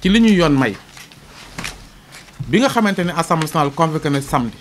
ci li ñuy yoon may bi nga xamante ne assemblée nationale convoqué na samedi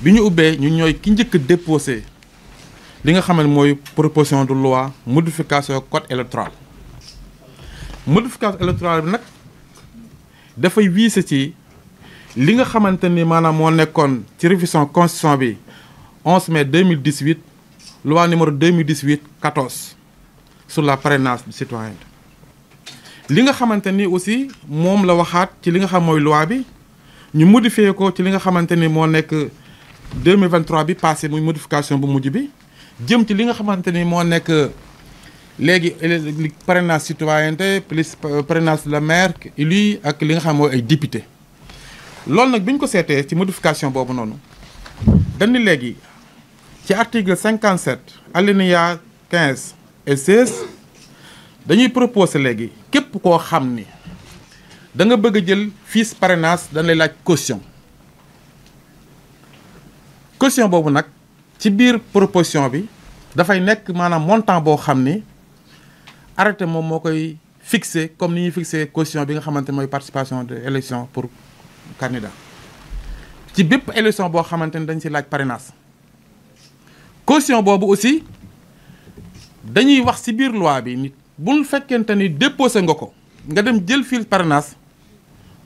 bi ñu ubbee ñu ñooy ki njëkk déposé li nga xam ne mooy proposition de loi modification code électoral modification électorale bi nag dafay wiise ci li nga xamante ni maanaam moo nekkoon ci révision constitution bi 11 mai 2018 loi numéro 2018 14 sur la parrainage citoyenne li nga xamante ni aussi moom la waxaat ci li nga xam mooy loi bi ñu modifié ko ci li nga xamante ni moo nekk 2023 bi passé muy modification bu mujj bi jëm ci li nga xamante ni moo nekk léegi parrainage citoyenneté plus parrainage de la maire élu ak li nga xam mooy ay député loolu nag bi ñu ko seetee ci modification boobu noonu dañu léegi ci article 57 alinéa 15 et 16 dañuy proposer léegi képp koo xam ni da nga bëgg a jël fiche parrainage dañ laaj caution caution boobu nag ci biir proposion bi dafay nekk maanaam montant boo xam ni arrêté moom moo koy fixé comme ni ñuy fixé caution bi nga xamante mooy participation de élection pour candidat ci bépp élection boo xamante ni dañ si laaj parrainage caution boobu aussi dañuy wax ci biir loi bi nit bul fekkente ni déposé nga ko nga dem jël fil parrainage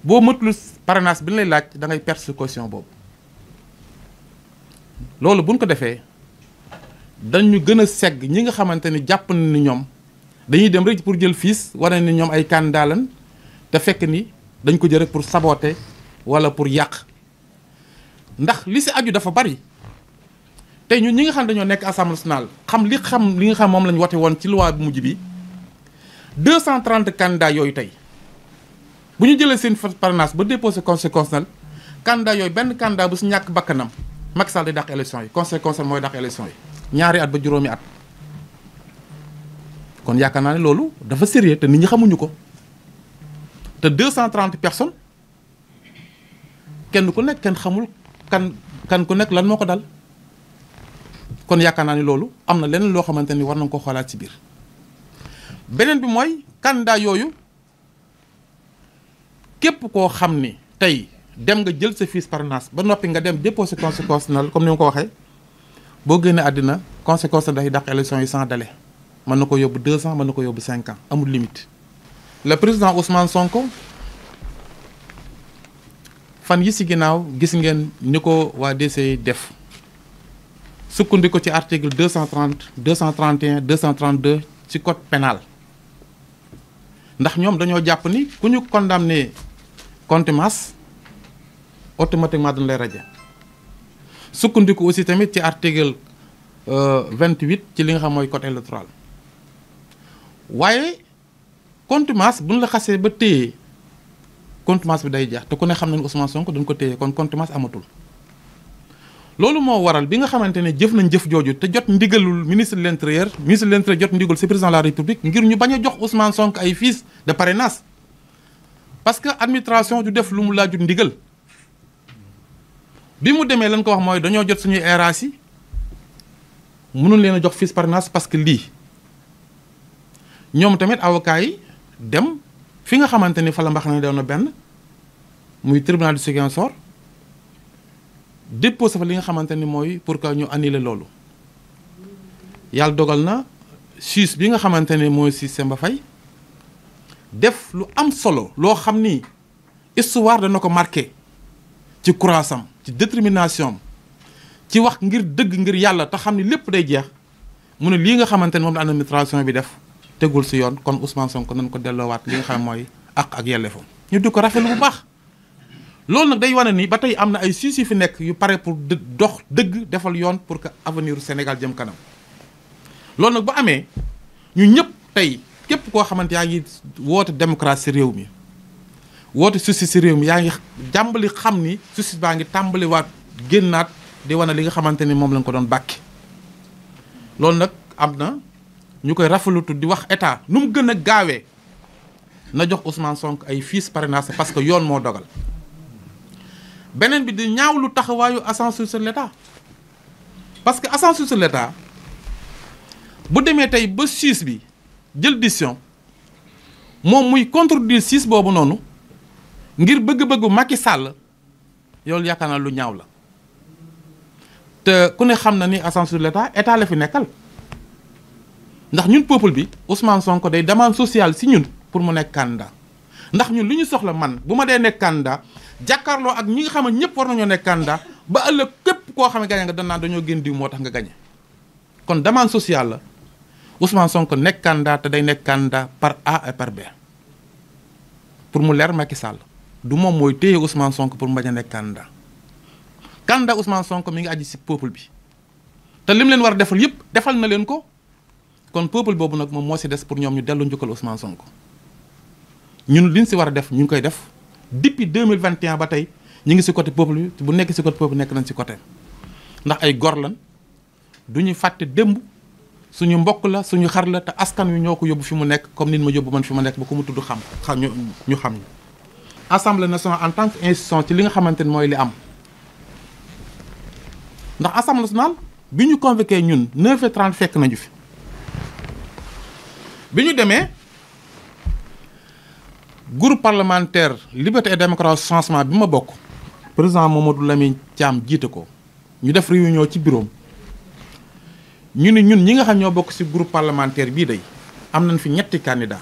boo mëtul parrainage bi ñu lay laaj da ngay perte sa boobu loolu buñ ko defee dañu gën a segg ñi nga xamante ni jàpp na ni ñoom dañuy dem rek pour jël fiis wane ni ñoom ay candidat lañ te fekk ni dañ ko jël pour saboter wala pour yàq ndax li ci aju dafa bari tey ñun ñi nga xam dañoo nekk assemblée nationale xam li xam li nga xam moom la ñu wote woon ci loi bu mujj bi 230 candidats yooyu tey bu ñu jëlee seen parrainage ba déposé conseil constitutionnel candidat yooyu benn candidat bu si ñàkk bakkanam Macky Sall day élection yi conseil constitutionnel mooy dàq élection yi ñaari at ba juróomi at. kon yaakaar naa ne loolu dafa sérieux te nit ñi xamuñu ko te cent 230 personne kenn ku nekk kenn xamul kan kan ku nekk lan moo ko dal. kon yaakaar naa ni loolu am na leneen loo xamante ni war nañ ko xoolaat ci biir beneen bi mooy candidat yooyu képp koo xam ni tey dem nga jël sa fiche parrainage ba noppi nga dem déposé conséquence na comme ni ma ko waxee boo génnee àddina conséquence na day dàq élection yi sans délai mën na ko yóbbu deux ans mën na ko yóbbu cinq ans amul limite. le président Ousmane Sonko fan yi si ginnaaw gis ngeen ni ko waa DCI def. sukkandiku ci article 230 231 232 ci code pénal ndax ñoom dañoo jàpp ni ku ñu condamné contumace automatiquement dañ lay raje sukkandiku aussi tamit ci article 28 euh, ci li nga xam mooy code électoral waaye contumace buñ la xasee ba téye contumace bi day jeex te ku ne xam nañ Ousmane Sonko dañ ko téye kon contumace amatul loolu moo waral bi nga xamante ne jëf nañ jëf jooju te jot ndigalul ministre de l'intérieur ministre de l'intérieur jot ndigal ci président de la république ngir ñu bañ a jox Ousmane Sonko ay fiches de parrainage parce que administration du def lu mu laajut ndigal bi mu demee lañ ko wax mooy dañoo jot suñuy eeraas yi leen a jox fiche parrainage parce que lii ñoom tamit avocat dem fi nga xamante ni fa la mbax na benn muy tribunal de Ziguinchor déposé fa li nga xamante ni mooy pour que ñu annuler loolu yàlla dogal na siis bi nga xamante ne mooy siis ba fay def lu am solo loo xam ni histoire dana ko marqué ci courage am ci détermination am ci wax ngir dëgg ngir yàlla te xam ni lépp day jeex mu ne lii nga xamante ne moom la administration bi def tegul si yoon kon Ousmane Sonko nañ ko delloowaat li nga xam mooy ak ak yelleefam ñu di ko rafetlu bu baax. loolu nag day wane ni ba tey am na ay suuf si fi nekk yu pare pour dox dëgg defal yoon pour que aveniru Sénégal jëm kanam loolu nag bu amee ñu ñëpp tey képp koo xamante yaa ngi woote démocratie si réew mi woote suuf si réew mi yaa ngi jàmbali xam ni suuf baa ngi tàmbaliwaat génnaat di wane li nga xamante ni moom lañ ko doon bàkki loolu nag am na ñu koy rafetlu di wax état nu mu gën a gaawee na jox Ousmane sonk ay fiches parrainage parce que yoon moo dogal. beneen bi di lu taxawaayu ascenseur sur l'état parce que ascenseur sur bu demee tey ba Suisse bi jël décision moom muy contredire Suisse boobu noonu ngir bëgg-bëggu Macky sàll yoolu yaakaar naa lu ñaaw la te ku ne xam na ni ascenseur sur l'état la fi nekkal ndax ñun peuple bi Ousmane sonk day demande sociale si ñun pour mu nekk candidat ndax ñun lu ñu soxla man bu ma dee nekk candidat jàkkaarloo ak ñi nga xam ne ñëpp war nañoo nekk candidat ba ëllëg képp koo xam ne gañe nga danaa dañoo gën diw moo tax nga gañe kon demande social la Ousmane sonk nekk candidat te day nekk candidat par par B pour mu leer Macky Sall du moom mooy téye Ousmane Sonko pour mu a nekk candidat candidat Ousmane Sonko mi ngi aji si peuple bi te lim leen war a defal yëpp defal na leen ko kon peuple boobu nag moom moo si des pour ñoom ñu dellu njukkal Ousmane Sonko ñun liñ si war a def ñu ngi koy def depuis deux mille vingt et un ba tey ñu ngi si côté peuple bu nekk si côté peuple nekk nañ si côté ndax ay gor lan du ñu fàtte démb suñu mbokk la suñu xar la te askan wi ñoo ko yóbbu fi mu nekk comme nit ma yóbbu man fi ma nekk ba ko mu tudd xam xam ñu ñu xam ñu. assemblée nationale en tant que institution ci li nga xamante ni mooy li am ndax assemblée nationale bi ñu convoqué ñun 9h30 fekk nañu fi bi ñu demee. groupe parlementaire liberté et démocratie bi ma bokk président Mamadou Lamine Thiam jiite ko ñu def réunion ci bureau ñu ni ñun ñi nga xam ñoo bokk ci groupe parlementaire bii day am nañ fi ñetti candidat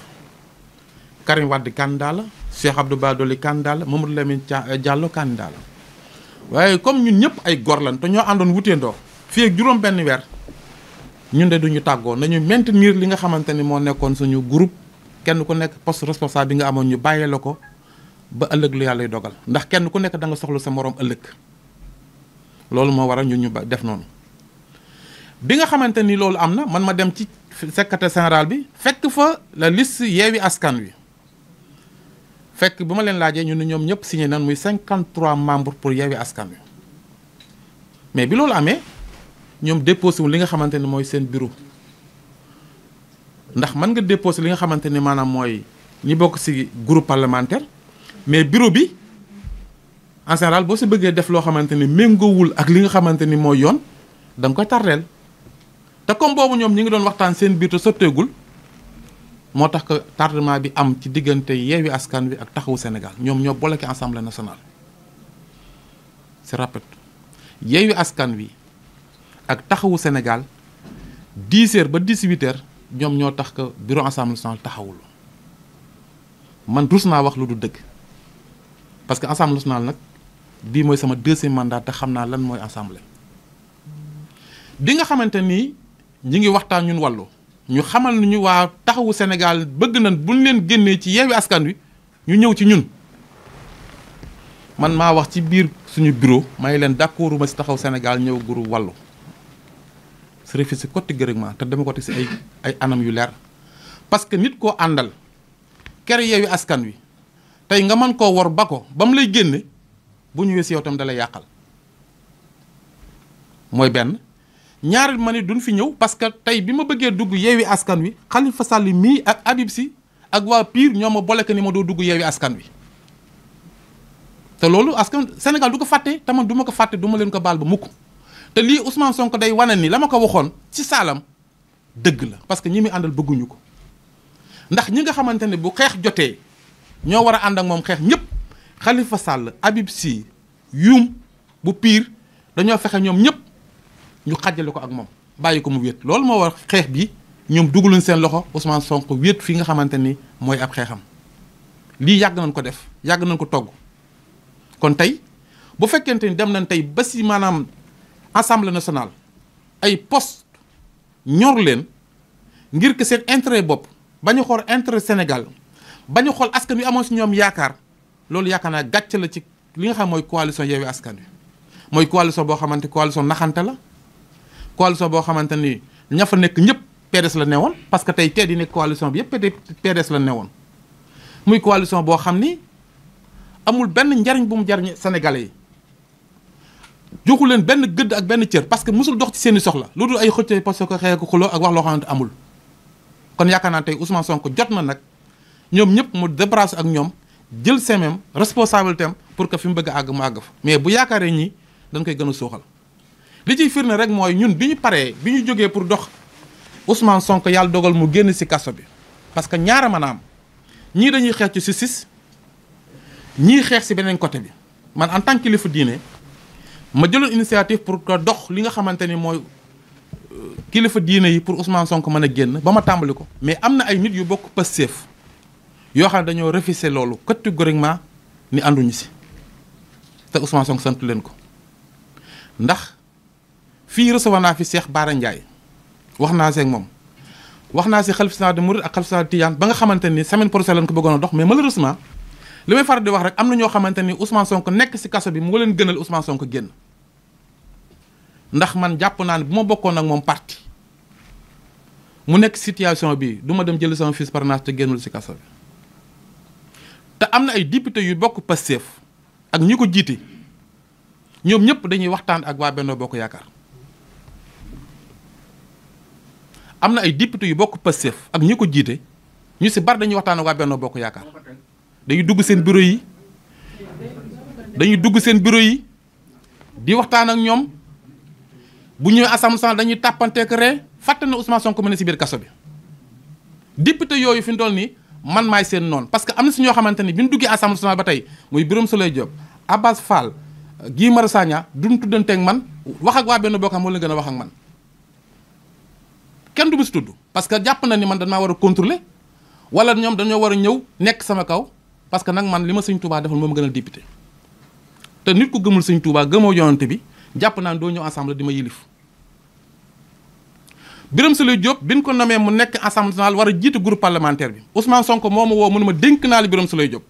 Karim Wade candidat la Cheikh Abdou Bara Dolly candidat la Mamadou Lamine euh, Diallo candidat la waaye comme ñun ñëpp ay góor lañ te ñoo àndoon wutee ndox fii ak juróom benn weer ñun de duñu tàggoo nañu maintenir li nga xamante ni moo nekkoon suñu groupe kenn ku nekk post responsable bi nga amoon ñu bàyyee la ko ba ëllëg lu yàlla dogal ndax kenn ku nekk da nga soxla sa moroom ëllëg loolu moo war a ñu ñu ba def noonu bi nga xamante ni loolu am na man ma dem ci secrétaire général bi fekk fa la list yeewi askan wi fekk bu ma leen laajee ñu ne ñoom ñëpp signé nan muy 53 membres pour yeewi askan wi mais bi loolu amee ñoom déposé wu li nga xamante ni mooy seen biru ndax mën nga déposer li nga xamante ni maanaam mooy ñi bokk ci groupe parlementaire mais bureau bi en général boo ci bëggee def loo xamante ni méngoowul ak li nga xamante ni mooy yoon danga nga koy tardeel te comme boobu ñoom ñi ngi doon waxtaan seen biir te sotteegul moo tax que tardement bi am ci diggante Yewwi Askan Wi ak Taxawu Sénégal ñoom ñoo bloqué Assemblée nationale c'est rapide Yewwi Askan Wi ak Taxawu Sénégal 10 ba 18 ñoom ñoo tax que bureau assemblée nationale taxawul man rus naa wax lu du dëgg parce que assemblée nag bii mooy sama deuxième mandat te xam naa lan mooy assemblée bi nga xamante ni ñi ngi waxtaan ñun wàllu ñu xamal ni waa taxawu senegal bëgg nañ buñ leen génnee ci yeewi askan wi ñu ñëw ci ñun man maa wax ci biir suñu bureau may leen d'accorduma si taxaw Sénégal ñëw guru wàllu sa refusé catégoriquement te dama ko teg si ay ay anam yu leer parce que nit koo àndal ker yeewi askan wi tey nga man koo wor ba ko ba mu lay génne bu ñëwee si yow tam dalay yàqal mooy benn ñaari ma ne duñ fi ñëw parce que tey bi ma bëggee dugg yeewi askan wi Khalifa Sall mii ak Habib Sy ak waa Pire ñoo ma boole ni ma doo dugg yeewi askan wi te loolu askan senegal du ko fàtte te man du ko fàtte duma leen ko baal ba mukk te lii Ousmane Sonko day wane ni la ma ko waxoon ci saalam dëgg la parce que ñi muy àndal bëgguñu ko ndax ñi nga xamante ne bu xeex jotee ñoo war a ànd ak moom xeex ñëpp xalifa Sall Habib Sy Youm bu piir dañoo fexe ñoom ñëpp ñu xàjjale ko ak moom bàyyi ko mu wéet loolu moo war xeex bi ñoom dugaluñ seen loxo Ousmane Sonko wéet fi nga xamante ni mooy ab xeexam lii yàgg nañ ko def yàgg nañ ko togg kon tey bu fekkente ni dem nañ tey ba si maanaam assemblée nationale ay poste ñor leen ngir que seen intérêt bopp ba ñu xool intérêt Sénégal ba ñu xool askan bi amoon si ñoom yaakaar loolu yaakaar naa gàcce la ci li nga xam mooy coalition Yewwi Askan bi mooy coalition boo xamante coalition naxante la coalition boo xamante ni ña fa nekk ñëpp PDS la newoon parce que tey tey di nekk coalition bi yëpp PDS la newoon muy coalition boo xam ni amul benn njariñ bu mu jariñ Sénégalais yi joxu leen benn gëdd ak benn cër parce que mosul dox ci seeni soxla lu dul ay xëccee parce que xëy ko xuloo ak wax loo amul kon yaakaar naa tey Ousmane Sonko jot na nag ñoom ñëpp mu débarrasse ak ñoom jël semaine responsabilité am pour que fi mu bëgg àgg mu àgg fa mais bu yaakaaree ñi dañ koy gën a suuxal li ciy firnde rek mooy ñun bi ñu paree bi ñu jógee pour dox Ousmane sonk yàlla dogal mu génn si kaso bi parce que ñaara maanaam ñii dañuy xeex ci justice ñii xeex si beneen côté bi man en tant kilifa diine ma jëloon initiative pour que dox li nga xamante ni mooy euh, kilifa diine yi pour Ousmane sonk mën a génn ba ma tàmbali ko. mais am na ay nit yu bokk Pastef yoo xam ne dañoo refuser loolu catégoriquement ni ànduñu si te Ousmane Sonko sant leen ko ndax fii recevoir naa fi Cheikh Bara Ndiaye wax naa seeg moom wax naa si xalif général des mourides ak xalif général des tidianes ba nga xamante ni semaine prochaine lañ ko bëggoon a dox mais malheureusement. li may faral di wax rek am na ñoo xamante ni Ousmane Sonko nekk si kaso bi moo leen gënal Ousmane Sonko génn ndax man jàpp naa ne bu ma bokkoon ak moom parti mu nekk situation bi du ma dem jël sama fils parrainage te génnul si kaso bi te am na ay député yu bokk Pastef ak ñi ko jiite ñoom ñëpp dañuy waxtaan ak waa Benno Bokk Yaakaar am na ay député yu bokk Pastef ak ñi ko jiite ñu si bar dañuy waxtaan ak waa Benno Bokk Yaakaar. dañuy dugg seen bureau yi dañuy dugg seen bureau yi di waxtaan ak ñoom bu ñëwee assemblée nationale dañuy tàppanteek ree fàtte na Ousmane Sonko mu ne si biir kaso bi député yooyu fi mu toll nii man maay seen noonu parce que am na si ñoo xamante ni bi ñu duggee assemblée nationale ba tey muy Birame Souleye Diop Abbas Fall gii Marius Sagna duñ tuddanteeg man wax ak waa benn bokk moo leen gën a wax ak man kenn du ma si tudd parce que jàpp na ni man dañ maa war a contrôler wala ñoom dañoo war a ñëw nekk sama kaw. parce que nag man li ma sëñ Touba defal moo ma gën a député te nit ko gëmul sëñ Touba gëmoo yonante bi jàpp naa ne doo ñëw assemblée di ma yilif Birame Souleye Diop bi ñu ko nommé mu nekk assemblée nationale war a jiitu groupe parlementaire bi Ousmane Sonko moom ma woo mu ma dénk naa la Birame lay Diop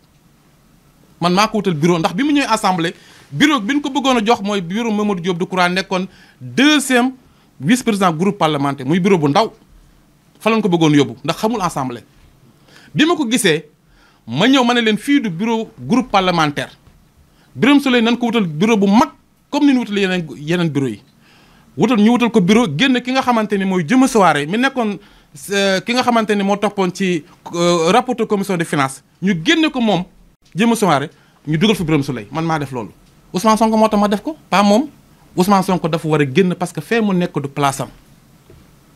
man maa ko wutal bureau ndax bi mu ñëwee assemblée bureau bi ñu ko bëggoon a jox mooy bureau Mamadou Diop Decroix nekkoon deuxième vice président groupe parlementaire muy bureau bu ndaw fa lañ ko bëggoon yóbbu ndax xamul assemblée bi ma ko gisee ma ñëw ma ne leen fii du bureau groupe parlementaire Birame Souleye nan ko wutal bureau bu mag comme ni nu wutalee yeneen yeneen bureau yi wutal ñu wutal ko bureau génn ki nga xamante ni mooy jëma soirée mi nekkoon euh, ki nga xamante ni moo toppoon ci euh, rapporteur commission de finances ñu génne ko moom jëma soirée ñu dugal fi Birame Souleye man maa def loolu Ousmane Sonko moo tax ma def ko pas moom Ousmane Sonko dafa war a génn parce que fee mu nekk du place am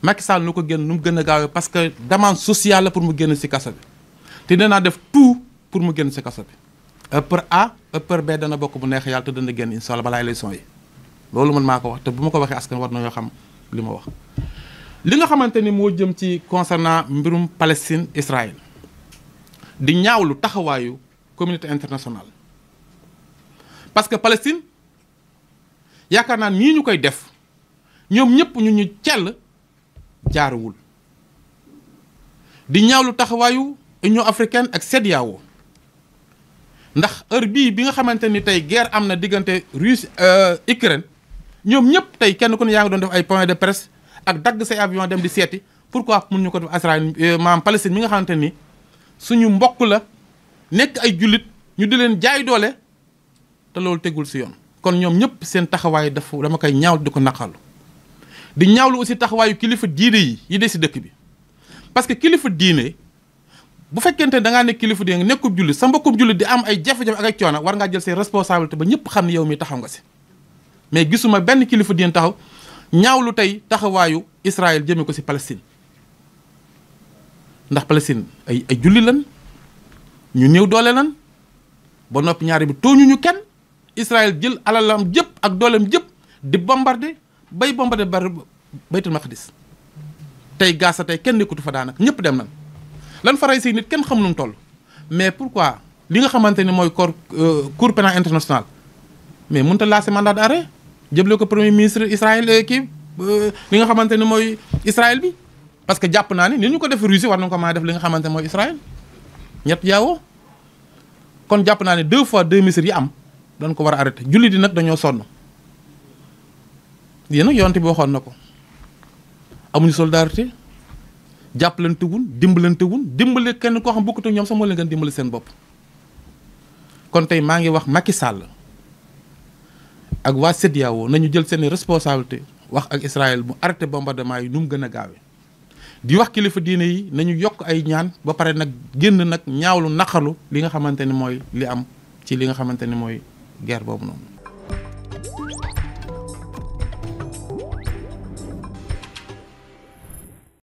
Macky Sall ko génn nu mu gën a gaawee parce que demande sociale la pour mu génn si kaso bi te danaa def tout pour mu génn si kaso bi par A par B dana bokk bu neex yàlla te dana génn incha allah balaa élection yi loolu mën maa ko wax te bu ma ko waxee askan war na nañoo xam li ma wax. li nga xamante ni moo jëm ci concernant mbirum Palestine Israël di ñaaw lu taxawaayu communauté internationale parce que Palestine yaakaar naa ni ñu koy def ñoom ñëpp ñu ñu cell jaaruwul di ñaawlu taxawaayu. union africaine ak CEDEAO ndax heure bii bi nga xamante ni tey ger am na diggante Russie euh, Ukraine ñoom ñëpp tey kenn ku ne yaa ngi doon def ay point de presse ak dagg say avion dem di seeti pourquoi mun ñu ko def Israël euh, maam Palestine mi nga xamante ni suñu mbokk la nekk ay jullit ñu di leen jaay doole te loolu tegul si yoon. kon ñoom ñëpp seen taxawaay dafa dama koy ñaawlu di ko naqalu di ñaawlu aussi taxawaayu kilifa diine yi yi des si dëkk bi parce que kilifa diine. bu fekkente da ngaa nekk kilifa di nga nekkub jullit sa mbokkub jullit di am ay jafe-jafe ak ay coono war ngaa jël say responsabilité ba ñëpp xam ne yow mi taxaw nga si mais gisuma benn kilifa di taxaw ñaawlu tey taxawaayu Israël jëme ko si Palestine ndax Palestine ay ay julli lan ñu néew doole lan ba noppi ñaari bi tooñu ñu kenn Israël jël alalam jëpp ak dooleem jëpp di bombardé bay bombardé bari baytul maqdis tey Gaza tey kenn nekkutu fa daanaka ñëpp dem nan lan fa rey si nit kenn xam nu mu toll mais pourquoi li nga xamante ni mooy corps euh, cour pénal international mais mënut a laasé mandat d'arrêt jëble ko premier ministre Israël euh, kii euh, li nga xamante ni mooy Israël bi parce que jàpp naa ni ni ñu ko def Russie war nañu ko maa def li nga xamante mooy Israël ñett yaawoo kon jàpp naa ne deux fois deux ministres yi am dan ko war a arrêté julli di nag dañoo sonn yéen nag yonte bi waxoon na ko amuñu solidarité jàppalantewul dimbalantewul dimbale kenn koo xam bokkut ak ñoom sax moo leen gën dimbali seen bopp kon tey maa ngi wax Macky Sall ak waa e e na ñu jël seen responsabilité wax ak Israël mu arrêté bombardement yi nu mu gën a gaawee di wax kilifa diine yi nañu yokk ay ñaan ba pare nag génn nag ñaawlu naqarlu li nga xamante ni mooy li am ci li nga xamante ni mooy guerre boobu noonu.